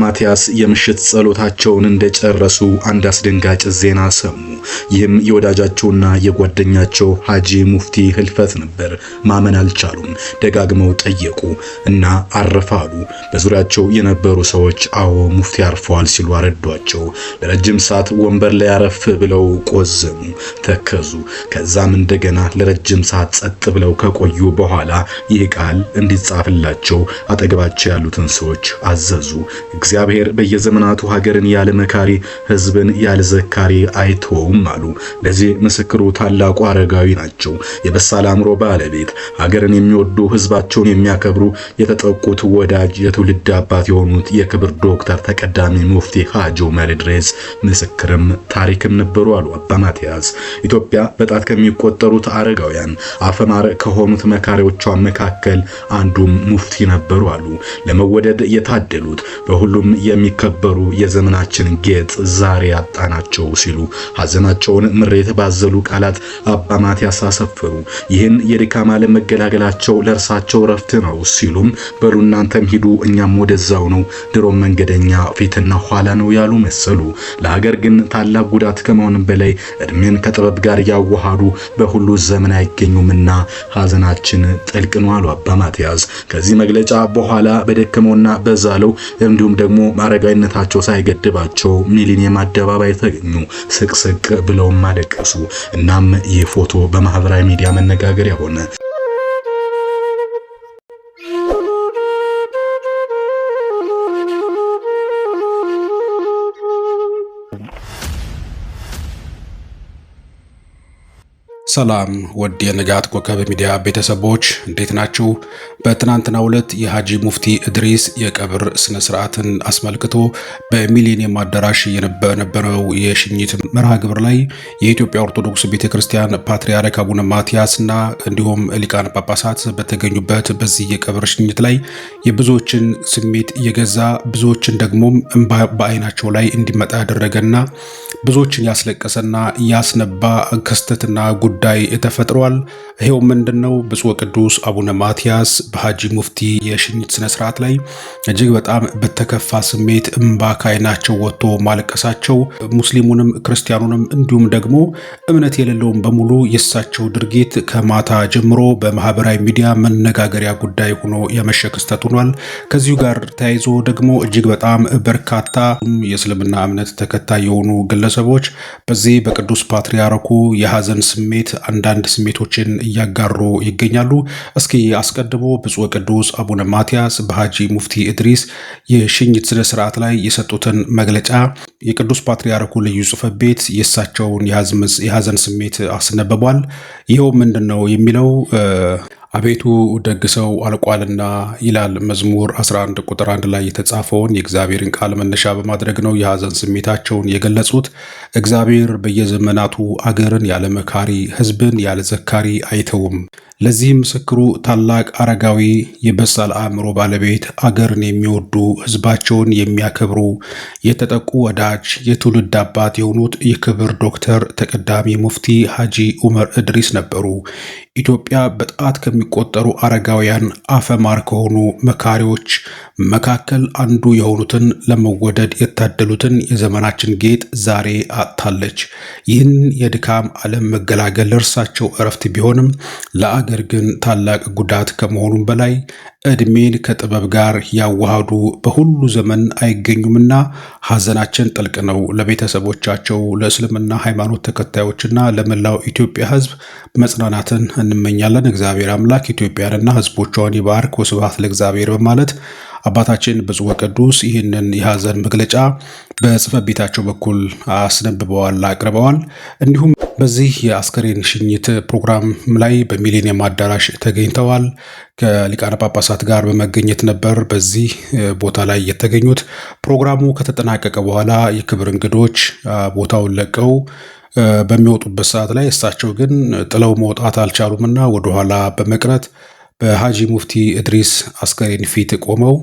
ማቲያስ የምሽት ጸሎታቸውን እንደጨረሱ አንድ አስደንጋጭ ዜና ሰሙ። ይህም የወዳጃቸውና የጓደኛቸው ሐጂ ሙፍቲ ህልፈት ነበር። ማመን አልቻሉም። ደጋግመው ጠየቁ እና አረፋሉ። በዙሪያቸው የነበሩ ሰዎች አዎ ሙፍቲ አርፈዋል ሲሉ አረዷቸው። ለረጅም ሰዓት ወንበር ላይ አረፍ ብለው ቆዘሙ፣ ተከዙ። ከዛም እንደገና ለረጅም ሰዓት ጸጥ ብለው ከቆዩ በኋላ ይህ ቃል እንዲጻፍላቸው አጠገባቸው ያሉትን ሰዎች አዘዙ። እግዚአብሔር በየዘመናቱ ሀገርን ያለ መካሪ ህዝብን ያለ ዘካሪ አይተውም አሉ። ለዚህ ምስክሩ ታላቁ አረጋዊ ናቸው። የበሳል አእምሮ ባለቤት፣ ሀገርን የሚወዱ ህዝባቸውን የሚያከብሩ፣ የተጠቁት ወዳጅ፣ የትውልድ አባት የሆኑት የክብር ዶክተር ተቀዳሚ ሙፍቲ ሀጂ ዑመር ኢድሪስ ምስክርም ታሪክም ነበሩ አሉ አባ ማትያስ። ኢትዮጵያ በጣት ከሚቆጠሩት አረጋውያን አፈማረ ከሆኑት መካሪዎቿ መካከል አንዱም ሙፍቲ ነበሩ አሉ። ለመወደድ የታደሉት በሁሉ ሁሉም የሚከበሩ የዘመናችን ጌጥ ዛሬ አጣናቸው ሲሉ ሐዘናቸውን ምሬት ባዘሉ ቃላት አባ ማትያስ አሰፈሩ። ይህን የድካም ዓለም መገላገላቸው ለእርሳቸው ረፍት ነው ሲሉም በሉ እናንተም ሂዱ እኛም ወደዛው ነው፣ ድሮም መንገደኛ ፊትና ኋላ ነው ያሉ መሰሉ። ለሀገር ግን ታላቅ ጉዳት ከመሆንም በላይ እድሜን ከጥበብ ጋር ያዋሃዱ በሁሉ ዘመን አይገኙምና ሐዘናችን ጥልቅ ነው አሉ አባ ከዚህ መግለጫ በኋላ በደከመውና በዛለው እንዲሁም ደግሞ ማረጋዊነታቸው ሳይገድባቸው ሚሊኒየም አደባባይ ተገኙ፣ ስቅስቅ ብለውም አለቀሱ። እናም ይህ ፎቶ በማህበራዊ ሚዲያ መነጋገሪያ ሆነ። ሰላም ወድ የንጋት ኮከብ ሚዲያ ቤተሰቦች እንዴት ናችሁ? በትናንትናው ዕለት የሐጂ ሙፍቲ እድሪስ የቀብር ስነ ስርዓትን አስመልክቶ በሚሊኒየም አዳራሽ የነበረው የሽኝት መርሃ ግብር ላይ የኢትዮጵያ ኦርቶዶክስ ቤተክርስቲያን ፓትርያርክ አቡነ ማትያስና እንዲሁም ሊቃነ ጳጳሳት በተገኙበት በዚህ የቀብር ሽኝት ላይ የብዙዎችን ስሜት የገዛ ብዙዎችን ደግሞም በአይናቸው ላይ እንዲመጣ ያደረገና ብዙዎችን ያስለቀሰና ያስነባ ክስተትና ጉዳይ ተፈጥሯል። ይሄው ምንድን ነው? ብፁዕ ቅዱስ አቡነ ማትያስ በሀጂ ሙፍቲ የሽኝት ስነስርዓት ላይ እጅግ በጣም በተከፋ ስሜት እምባ ካይናቸው ወጥቶ ማለቀሳቸው ሙስሊሙንም ክርስቲያኑንም እንዲሁም ደግሞ እምነት የሌለውም በሙሉ የእሳቸው ድርጊት ከማታ ጀምሮ በማህበራዊ ሚዲያ መነጋገሪያ ጉዳይ ሆኖ የመሸ ክስተት ሆኗል። ከዚሁ ጋር ተያይዞ ደግሞ እጅግ በጣም በርካታ የእስልምና እምነት ተከታይ የሆኑ ግለ ግለሰቦች በዚህ በቅዱስ ፓትርያርኩ የሐዘን ስሜት አንዳንድ ስሜቶችን እያጋሩ ይገኛሉ። እስኪ አስቀድሞ ብፁዕ ቅዱስ አቡነ ማትያስ በሐጂ ሙፍቲ ኢድሪስ የሽኝት ስነ ስርዓት ላይ የሰጡትን መግለጫ የቅዱስ ፓትርያርኩ ልዩ ጽሕፈት ቤት የእሳቸውን የሐዘን ስሜት አስነበቧል። ይኸው ምንድን ነው የሚለው አቤቱ ደግ ሰው አልቋልና ይላል መዝሙር 11 ቁጥር 1 ላይ የተጻፈውን የእግዚአብሔርን ቃል መነሻ በማድረግ ነው የሐዘን ስሜታቸውን የገለጹት። እግዚአብሔር በየዘመናቱ አገርን ያለ መካሪ፣ ህዝብን ያለ ዘካሪ አይተውም። ለዚህም ምስክሩ ታላቅ አረጋዊ የበሳል አእምሮ ባለቤት አገርን የሚወዱ ህዝባቸውን የሚያከብሩ የተጠቁ ወዳጅ የትውልድ አባት የሆኑት የክብር ዶክተር ተቀዳሚ ሙፍቲ ሐጂ ዑመር እድሪስ ነበሩ። ኢትዮጵያ በጣት ከሚቆጠሩ አረጋውያን አፈማር ከሆኑ መካሪዎች መካከል አንዱ የሆኑትን ለመወደድ የታደሉትን የዘመናችን ጌጥ ዛሬ አጥታለች። ይህን የድካም ዓለም መገላገል ለእርሳቸው እረፍት ቢሆንም ለአገር ግን ታላቅ ጉዳት ከመሆኑም በላይ እድሜን ከጥበብ ጋር ያዋሃዱ በሁሉ ዘመን አይገኙምና ሐዘናችን ጥልቅ ነው። ለቤተሰቦቻቸው፣ ለእስልምና ሃይማኖት ተከታዮችና ለመላው ኢትዮጵያ ሕዝብ መጽናናትን እንመኛለን። እግዚአብሔር አምላክ ኢትዮጵያንና ሕዝቦቿን ይባርክ። ወስብሐት ለእግዚአብሔር በማለት አባታችን ብፁዕ ወቅዱስ ይህንን የሀዘን መግለጫ በጽፈት ቤታቸው በኩል አስነብበዋል፣ አቅርበዋል። እንዲሁም በዚህ የአስከሬን ሽኝት ፕሮግራም ላይ በሚሌኒየም አዳራሽ ተገኝተዋል። ከሊቃነ ጳጳሳት ጋር በመገኘት ነበር በዚህ ቦታ ላይ የተገኙት። ፕሮግራሙ ከተጠናቀቀ በኋላ የክብር እንግዶች ቦታውን ለቀው በሚወጡበት ሰዓት ላይ እሳቸው ግን ጥለው መውጣት አልቻሉምና ወደኋላ በመቅረት በሀጂ ሙፍቲ እድሪስ አስከሬን ፊት ቆመው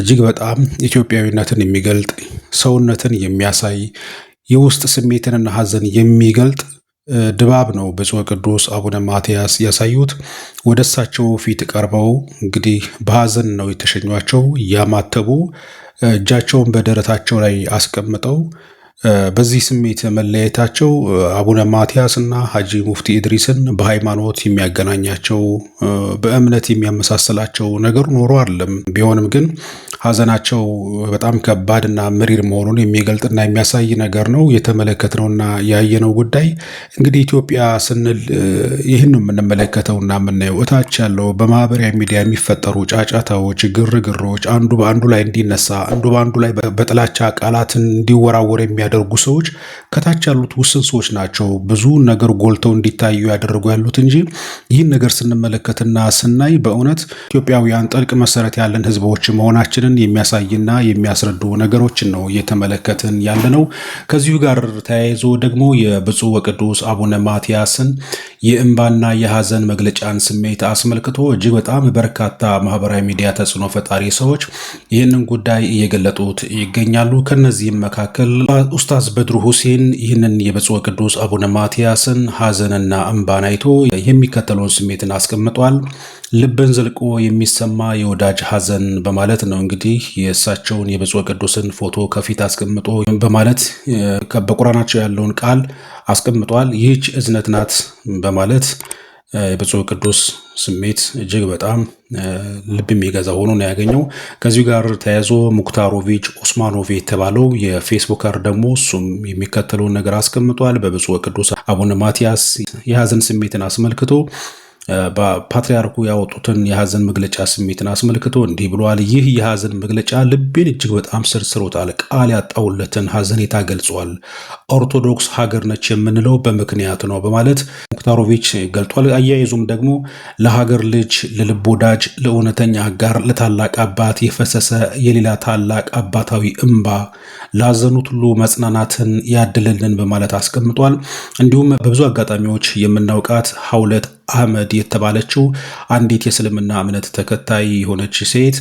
እጅግ በጣም ኢትዮጵያዊነትን የሚገልጥ ሰውነትን የሚያሳይ የውስጥ ስሜትንና ሀዘን የሚገልጥ ድባብ ነው ብፁዕ ቅዱስ አቡነ ማትያስ ያሳዩት። ወደ እሳቸው ፊት ቀርበው እንግዲህ በሀዘን ነው የተሸኟቸው። እያማተቡ እጃቸውን በደረታቸው ላይ አስቀምጠው በዚህ ስሜት መለየታቸው አቡነ ማቲያስ እና ሀጂ ሙፍቲ ኢድሪስን በሃይማኖት የሚያገናኛቸው በእምነት የሚያመሳስላቸው ነገር ኖሮ አይደለም። ቢሆንም ግን ሀዘናቸው በጣም ከባድና መሪር መሆኑን የሚገልጥና የሚያሳይ ነገር ነው የተመለከትነውና ያየነው ጉዳይ። እንግዲህ ኢትዮጵያ ስንል ይህን ነው የምንመለከተውና የምናየው። እታች ያለው በማህበራዊ ሚዲያ የሚፈጠሩ ጫጫታዎች፣ ግርግሮች አንዱ በአንዱ ላይ እንዲነሳ፣ አንዱ በአንዱ ላይ በጥላቻ ቃላትን እንዲወራወር የሚያደርጉ ሰዎች ከታች ያሉት ውስን ሰዎች ናቸው ብዙ ነገር ጎልተው እንዲታዩ ያደርጉ ያሉት እንጂ ይህን ነገር ስንመለከትና ስናይ በእውነት ኢትዮጵያውያን ጥልቅ መሰረት ያለን ህዝቦች መሆናችንን ይህንን የሚያሳይና የሚያስረዱ ነገሮችን ነው እየተመለከትን ያለ ነው። ከዚሁ ጋር ተያይዞ ደግሞ የብፁዕ ወቅዱስ አቡነ ማትያስን የእንባና የሐዘን መግለጫን ስሜት አስመልክቶ እጅግ በጣም በርካታ ማህበራዊ ሚዲያ ተጽዕኖ ፈጣሪ ሰዎች ይህንን ጉዳይ እየገለጡት ይገኛሉ። ከነዚህም መካከል ኡስታዝ በድሩ ሁሴን ይህንን የብፁዕ ወቅዱስ አቡነ ማትያስን ሐዘንና እንባን አይቶ የሚከተለውን ስሜትን አስቀምጧል። ልብን ዘልቆ የሚሰማ የወዳጅ ሐዘን በማለት ነው እንግዲህ የእሳቸውን የብፁዕ ቅዱስን ፎቶ ከፊት አስቀምጦ በማለት በቁራናቸው ያለውን ቃል አስቀምጧል። ይህች እዝነት ናት በማለት የብፁዕ ቅዱስ ስሜት እጅግ በጣም ልብ የሚገዛ ሆኖ ነው ያገኘው። ከዚሁ ጋር ተያይዞ ሙክታሮቪች ኦስማኖቭ የተባለው የፌስቡከር ደግሞ እሱም የሚከተለውን ነገር አስቀምጧል። በብፁዕ ቅዱስ አቡነ ማትያስ የሐዘን ስሜትን አስመልክቶ በፓትሪያርኩ ያወጡትን የሀዘን መግለጫ ስሜትን አስመልክቶ እንዲህ ብሏል። ይህ የሀዘን መግለጫ ልቤን እጅግ በጣም ስርስሮታል። ቃል ያጣውለትን ሀዘኔታ ገልጿል። ኦርቶዶክስ ሀገር ነች የምንለው በምክንያት ነው በማለት ሙክታሮቪች ገልጧል። አያይዙም ደግሞ ለሀገር ልጅ፣ ለልብ ወዳጅ፣ ለእውነተኛ አጋር፣ ለታላቅ አባት የፈሰሰ የሌላ ታላቅ አባታዊ እምባ ላዘኑት ሁሉ መጽናናትን ያድልልን በማለት አስቀምጧል። እንዲሁም በብዙ አጋጣሚዎች የምናውቃት ሀውለት አህመድ የተባለችው አንዲት የእስልምና እምነት ተከታይ የሆነች ሴት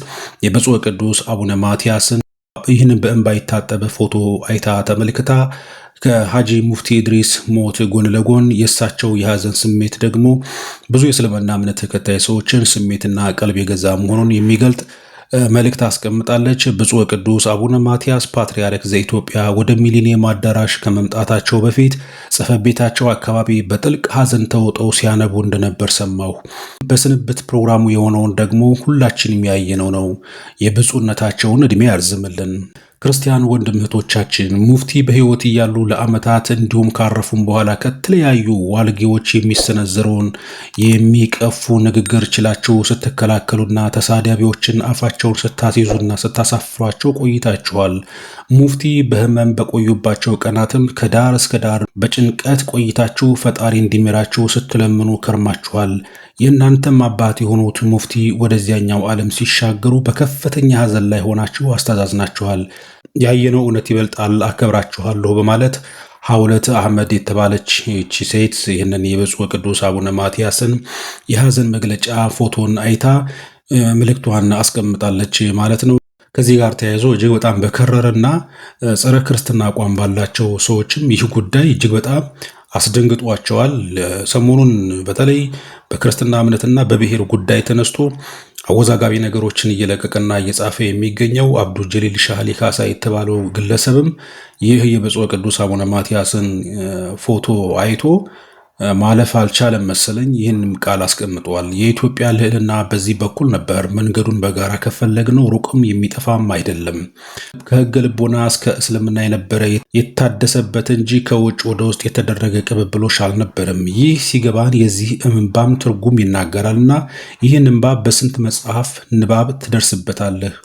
የብፁዕ ቅዱስ አቡነ ማትያስን ይህንን በእንባ የታጠበ ፎቶ አይታ ተመልክታ ከሀጂ ሙፍቲ ኢድሪስ ሞት ጎን ለጎን የእሳቸው የሀዘን ስሜት ደግሞ ብዙ የእስልምና እምነት ተከታይ ሰዎችን ስሜትና ቀልብ የገዛ መሆኑን የሚገልጥ መልእክት አስቀምጣለች። ብፁዕ ቅዱስ አቡነ ማትያስ ፓትርያርክ ዘኢትዮጵያ ወደ ሚሊኒየም አዳራሽ ከመምጣታቸው በፊት ጽሕፈት ቤታቸው አካባቢ በጥልቅ ሐዘን ተውጠው ሲያነቡ እንደነበር ሰማሁ። በስንብት ፕሮግራሙ የሆነውን ደግሞ ሁላችንም ያየነው ነው። የብፁዕነታቸውን ዕድሜ ያርዝምልን። ክርስቲያን ወንድም እህቶቻችን ሙፍቲ በሕይወት እያሉ ለዓመታት እንዲሁም ካረፉም በኋላ ከተለያዩ ዋልጌዎች የሚሰነዘረውን የሚቀፉ ንግግር ችላችሁ ስትከላከሉና ተሳዳቢዎችን አፋቸውን ስታስይዙና ስታሳፍሯቸው ቆይታችኋል። ሙፍቲ በሕመም በቆዩባቸው ቀናትም ከዳር እስከ ዳር በጭንቀት ቆይታችሁ ፈጣሪ እንዲምራችሁ ስትለምኑ ከርማችኋል። የእናንተም አባት የሆኑት ሙፍቲ ወደዚያኛው ዓለም ሲሻገሩ በከፍተኛ ሐዘን ላይ ሆናችሁ አስተዛዝናችኋል። ያየነው እውነት ይበልጣል፣ አከብራችኋለሁ በማለት ሐውለት አህመድ የተባለች ይቺ ሴት ይህንን የብፁዕ ቅዱስ አቡነ ማትያስን የሐዘን መግለጫ ፎቶን አይታ ምልክቷን አስቀምጣለች ማለት ነው። ከዚህ ጋር ተያይዞ እጅግ በጣም በከረረና ጸረ ክርስትና አቋም ባላቸው ሰዎችም ይህ ጉዳይ እጅግ በጣም አስደንግጧቸዋል። ሰሞኑን በተለይ በክርስትና እምነትና በብሔር ጉዳይ ተነስቶ አወዛጋቢ ነገሮችን እየለቀቀና እየጻፈ የሚገኘው አብዱ ጀሊል ሻህሊ ካሳ የተባለው ግለሰብም ይህ የብፁዕ ቅዱስ አቡነ ማትያስን ፎቶ አይቶ ማለፍ አልቻለም መሰለኝ። ይህንም ቃል አስቀምጧል። የኢትዮጵያ ልዕልና በዚህ በኩል ነበር። መንገዱን በጋራ ከፈለግነው ሩቅም የሚጠፋም አይደለም። ከህገ ልቦና እስከ እስልምና የነበረ የታደሰበት እንጂ ከውጭ ወደ ውስጥ የተደረገ ቅብብሎች አልነበረም። ይህ ሲገባን የዚህ እምባም ትርጉም ይናገራል እና ይህን እምባ በስንት መጽሐፍ ንባብ ትደርስበታለህ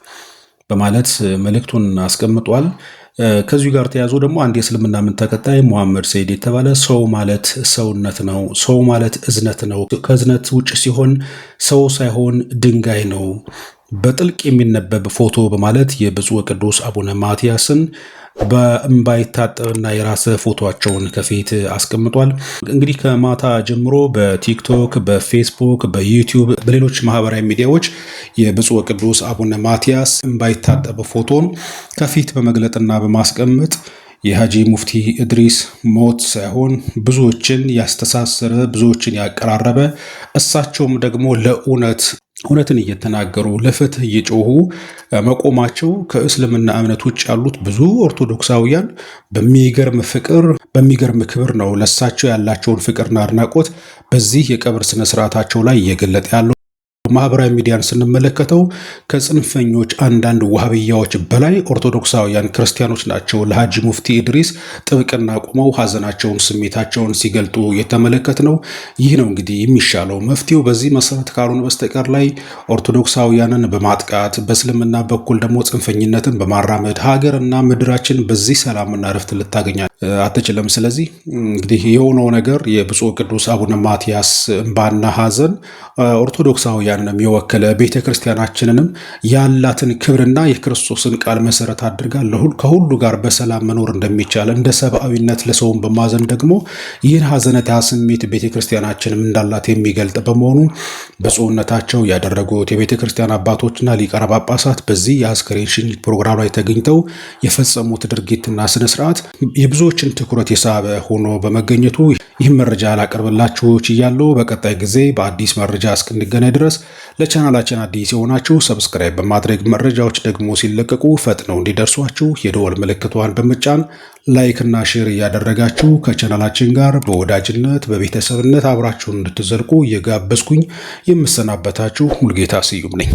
በማለት መልእክቱን አስቀምጧል። ከዚሁ ጋር ተያዞ ደግሞ አንድ የእስልምና ምን ተከታይ ሙሐመድ ሰይድ የተባለ ሰው ማለት ሰውነት ነው፣ ሰው ማለት እዝነት ነው፣ ከእዝነት ውጭ ሲሆን ሰው ሳይሆን ድንጋይ ነው በጥልቅ የሚነበብ ፎቶ በማለት የብፁዕ ቅዱስ አቡነ ማትያስን በእምባ የታጠበና የራሰ ፎቶቸውን ከፊት አስቀምጧል። እንግዲህ ከማታ ጀምሮ በቲክቶክ፣ በፌስቡክ፣ በዩቲዩብ፣ በሌሎች ማህበራዊ ሚዲያዎች የብፁዕ ቅዱስ አቡነ ማትያስ እምባ የታጠበ ፎቶን ከፊት በመግለጥና በማስቀመጥ የሃጂ ሙፍቲ እድሪስ ሞት ሳይሆን ብዙዎችን ያስተሳሰረ ብዙዎችን ያቀራረበ እሳቸውም ደግሞ ለእውነት እውነትን እየተናገሩ ለፍትህ እየጮሁ መቆማቸው ከእስልምና እምነት ውጭ ያሉት ብዙ ኦርቶዶክሳውያን በሚገርም ፍቅር በሚገርም ክብር ነው ለእሳቸው ያላቸውን ፍቅርና አድናቆት በዚህ የቀብር ስነስርዓታቸው ላይ እየገለጠ ያለው። ማህበራዊ ሚዲያን ስንመለከተው ከጽንፈኞች አንዳንድ ዋህብያዎች በላይ ኦርቶዶክሳውያን ክርስቲያኖች ናቸው ለሀጂ ሙፍቲ ኢድሪስ ጥብቅና ቁመው ሀዘናቸውን፣ ስሜታቸውን ሲገልጡ የተመለከት ነው። ይህ ነው እንግዲህ የሚሻለው መፍትሄው በዚህ መሰረት ካልሆነ በስተቀር ላይ ኦርቶዶክሳውያንን በማጥቃት በእስልምና በኩል ደግሞ ጽንፈኝነትን በማራመድ ሀገርና ምድራችን በዚህ ሰላምና እረፍት ልታገኛል አትችልም። ስለዚህ እንግዲህ የሆነው ነገር የብፁዕ ቅዱስ አቡነ ማትያስ እምባና ሐዘን ኦርቶዶክሳውያንንም የወከለ ቤተ ክርስቲያናችንንም ያላትን ክብርና የክርስቶስን ቃል መሰረት አድርጋ ከሁሉ ጋር በሰላም መኖር እንደሚቻል እንደ ሰብአዊነት ለሰውን በማዘን ደግሞ ይህን ሐዘነታ ስሜት ቤተ ክርስቲያናችንም እንዳላት የሚገልጥ በመሆኑ ብፁዕነታቸው ያደረጉት የቤተ ክርስቲያን አባቶችና ሊቃነ ጳጳሳት በዚህ የአስከሬን ሽኝት ፕሮግራም ላይ ተገኝተው የፈጸሙት ድርጊትና ስነስርዓት የብዙ የብዙዎችን ትኩረት የሳበ ሆኖ በመገኘቱ ይህም መረጃ ላቀርብላችሁ ችያለሁ። በቀጣይ ጊዜ በአዲስ መረጃ እስክንገናኝ ድረስ ለቻናላችን አዲስ የሆናችሁ ሰብስክራይብ በማድረግ መረጃዎች ደግሞ ሲለቀቁ ፈጥነው እንዲደርሷችሁ የደወል ምልክቷን በመጫን እና ሼር እያደረጋችሁ ከቻናላችን ጋር በወዳጅነት በቤተሰብነት አብራችሁን እንድትዘልቁ እየጋበዝኩኝ የምሰናበታችሁ ሙልጌታ ስዩም ነኝ።